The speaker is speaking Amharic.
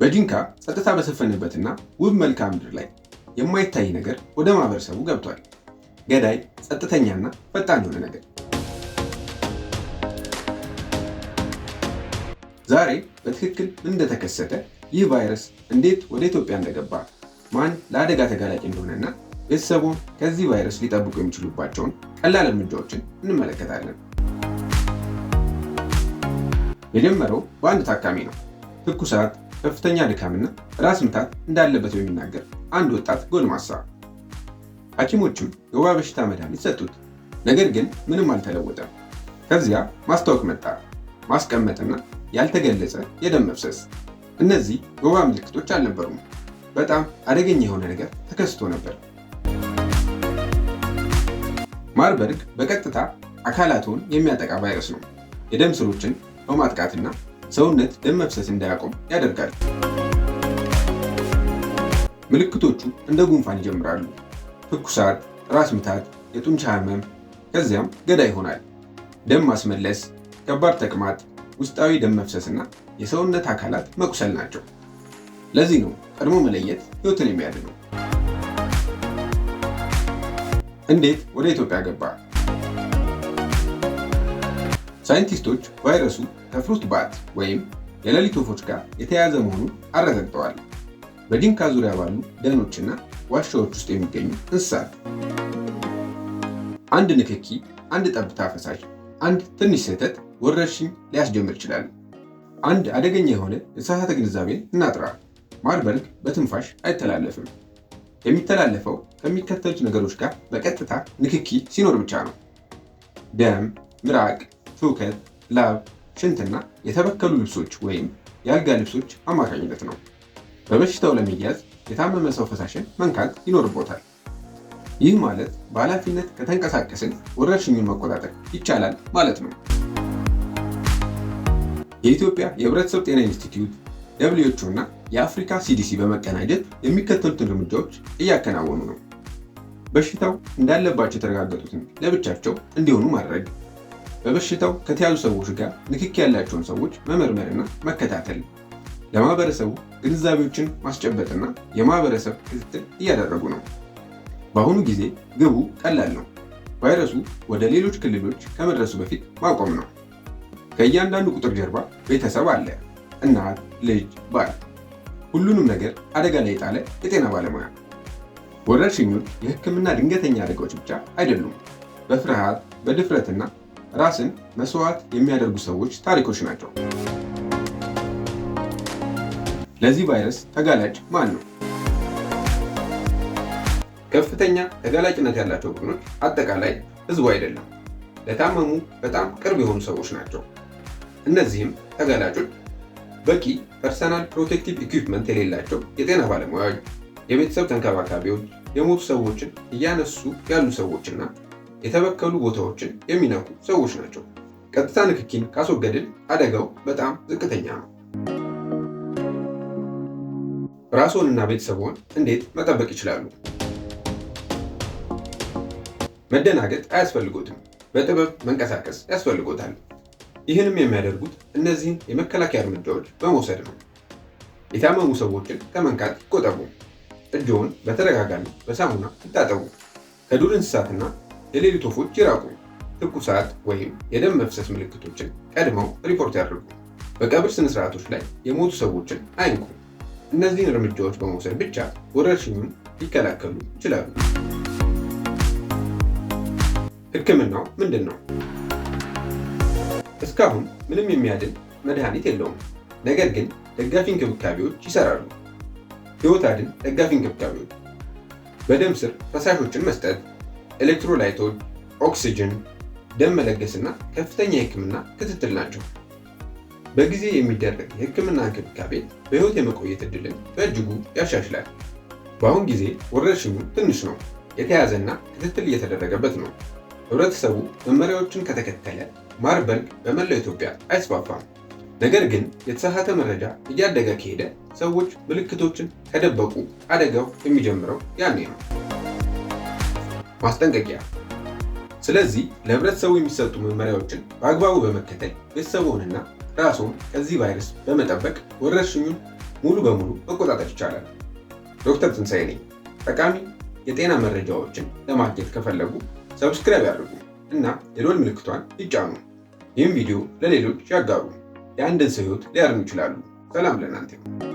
በጂንካ ጸጥታ በሰፈነበትና ውብ መልክዓ ምድር ላይ የማይታይ ነገር ወደ ማህበረሰቡ ገብቷል። ገዳይ ጸጥተኛና ፈጣን የሆነ ነገር። ዛሬ በትክክል እንደተከሰተ ይህ ቫይረስ እንዴት ወደ ኢትዮጵያ እንደገባ ማን ለአደጋ ተጋላጭ እንደሆነና ቤተሰቡን ከዚህ ቫይረስ ሊጠብቁ የሚችሉባቸውን ቀላል እርምጃዎችን እንመለከታለን። የጀመረው በአንድ ታካሚ ነው። ትኩሳት ከፍተኛ ድካምና ራስ ምታት እንዳለበት የሚናገር አንድ ወጣት ጎልማሳ። ሐኪሞቹም የወባ በሽታ መድኃኒት ሰጡት። ነገር ግን ምንም አልተለወጠም። ከዚያ ማስታወክ መጣ፣ ማስቀመጥና ያልተገለጸ የደም መፍሰስ። እነዚህ የወባ ምልክቶች አልነበሩም። በጣም አደገኛ የሆነ ነገር ተከስቶ ነበር። ማርበርግ በቀጥታ አካላቱን የሚያጠቃ ቫይረስ ነው። የደም ስሮችን በማጥቃትና ሰውነት ደም መፍሰስ እንዳያቆም ያደርጋል። ምልክቶቹ እንደ ጉንፋን ይጀምራሉ። ትኩሳት፣ ራስ ምታት፣ የጡንቻ ህመም፣ ከዚያም ገዳ ይሆናል። ደም ማስመለስ፣ ከባድ ተቅማጥ፣ ውስጣዊ ደም መፍሰስና የሰውነት አካላት መቁሰል ናቸው። ለዚህ ነው ቀድሞ መለየት ህይወትን የሚያድነው። እንዴት ወደ ኢትዮጵያ ገባ? ሳይንቲስቶች ቫይረሱ ከፍሩት ባት ወይም የሌሊት ወፎች ጋር የተያያዘ መሆኑን አረጋግጠዋል። በዲንካ ዙሪያ ባሉ ደኖችና ዋሻዎች ውስጥ የሚገኙ እንስሳት አንድ ንክኪ፣ አንድ ጠብታ ፈሳሽ፣ አንድ ትንሽ ስህተት ወረርሽኝ ሊያስጀምር ይችላል። አንድ አደገኛ የሆነ የተሳሳተ ግንዛቤን እናጥራ። ማርበርግ በትንፋሽ አይተላለፍም። የሚተላለፈው ከሚከተሉት ነገሮች ጋር በቀጥታ ንክኪ ሲኖር ብቻ ነው፦ ደም፣ ምራቅ፣ ትውከት፣ ላብ ሽንትና የተበከሉ ልብሶች ወይም የአልጋ ልብሶች አማካኝነት ነው። በበሽታው ለመያዝ የታመመ ሰው ፈሳሽን መንካት ይኖርቦታል። ይህ ማለት በኃላፊነት ከተንቀሳቀስን ወረርሽኙን መቆጣጠር ይቻላል ማለት ነው። የኢትዮጵያ የሕብረተሰብ ጤና ኢንስቲትዩት ደብሊው እና የአፍሪካ ሲዲሲ በመቀናጀት የሚከተሉትን እርምጃዎች እያከናወኑ ነው። በሽታው እንዳለባቸው የተረጋገጡትን ለብቻቸው እንዲሆኑ ማድረግ በበሽታው ከተያዙ ሰዎች ጋር ንክኪ ያላቸውን ሰዎች መመርመርና መከታተል፣ ለማህበረሰቡ ግንዛቤዎችን ማስጨበጥና የማህበረሰብ ክትትል እያደረጉ ነው። በአሁኑ ጊዜ ግቡ ቀላል ነው። ቫይረሱ ወደ ሌሎች ክልሎች ከመድረሱ በፊት ማቆም ነው። ከእያንዳንዱ ቁጥር ጀርባ ቤተሰብ አለ፣ እናት፣ ልጅ፣ ባል፣ ሁሉንም ነገር አደጋ ላይ የጣለ የጤና ባለሙያ። ወረርሽኞች የሕክምና ድንገተኛ አደጋዎች ብቻ አይደሉም። በፍርሃት በድፍረትና ራስን መስዋዕት የሚያደርጉ ሰዎች ታሪኮች ናቸው። ለዚህ ቫይረስ ተጋላጭ ማን ነው? ከፍተኛ ተጋላጭነት ያላቸው ቡድኖች አጠቃላይ ህዝቡ አይደለም፣ ለታመሙ በጣም ቅርብ የሆኑ ሰዎች ናቸው። እነዚህም ተጋላጮች በቂ ፐርሰናል ፕሮቴክቲቭ ኢኩፕመንት የሌላቸው የጤና ባለሙያዎች፣ የቤተሰብ ተንከባካቢዎች፣ የሞቱ ሰዎችን እያነሱ ያሉ ሰዎችና የተበከሉ ቦታዎችን የሚነኩ ሰዎች ናቸው። ቀጥታ ንክኪን ካስወገድን አደጋው በጣም ዝቅተኛ ነው። ራስዎንና ቤተሰቦን እንዴት መጠበቅ ይችላሉ? መደናገጥ አያስፈልጎትም። በጥበብ መንቀሳቀስ ያስፈልጎታል። ይህንም የሚያደርጉት እነዚህን የመከላከያ እርምጃዎች በመውሰድ ነው። የታመሙ ሰዎችን ከመንካት ይቆጠቡ። እጆውን በተደጋጋሚ በሳሙና ይታጠቡ። ከዱር እንስሳትና የሌሊት ወፎች ይራቁ። ትኩሳት ወይም የደም መፍሰስ ምልክቶችን ቀድመው ሪፖርት ያድርጉ። በቀብር ስነስርዓቶች ላይ የሞቱ ሰዎችን አይንኩ። እነዚህን እርምጃዎች በመውሰድ ብቻ ወረርሽኙን ሊከላከሉ ይችላሉ። ህክምናው ምንድን ነው? እስካሁን ምንም የሚያድን መድኃኒት የለውም። ነገር ግን ደጋፊ እንክብካቤዎች ይሰራሉ። ህይወት አድን ደጋፊ እንክብካቤዎች በደም ስር ፈሳሾችን መስጠት ኤሌክትሮላይቶች፣ ኦክሲጅን፣ ደም መለገስና ከፍተኛ የህክምና ክትትል ናቸው። በጊዜ የሚደረግ የህክምና እንክብካቤ በህይወት የመቆየት እድልን በእጅጉ ያሻሽላል። በአሁን ጊዜ ወረርሽኙ ትንሽ ነው፣ የተያዘና ክትትል እየተደረገበት ነው። ህብረተሰቡ መመሪያዎችን ከተከተለ ማርበርግ በመላው ኢትዮጵያ አይስፋፋም። ነገር ግን የተሳሳተ መረጃ እያደገ ከሄደ ሰዎች ምልክቶችን ከደበቁ አደጋው የሚጀምረው ያኔ ነው። ማስጠንቀቂያ። ስለዚህ ለህብረተሰቡ የሚሰጡ መመሪያዎችን በአግባቡ በመከተል ቤተሰቡንና ራሱን ከዚህ ቫይረስ በመጠበቅ ወረርሽኙን ሙሉ በሙሉ መቆጣጠር ይቻላል። ዶክተር ትንሳይኔ ነኝ። ጠቃሚ የጤና መረጃዎችን ለማግኘት ከፈለጉ ሰብስክራይብ ያድርጉ እና የሎል ምልክቷን ይጫኑ። ይህም ቪዲዮ ለሌሎች ያጋሩ። የአንድን ሰው ህይወት ሊያድኑ ይችላሉ። ሰላም ለእናንተ።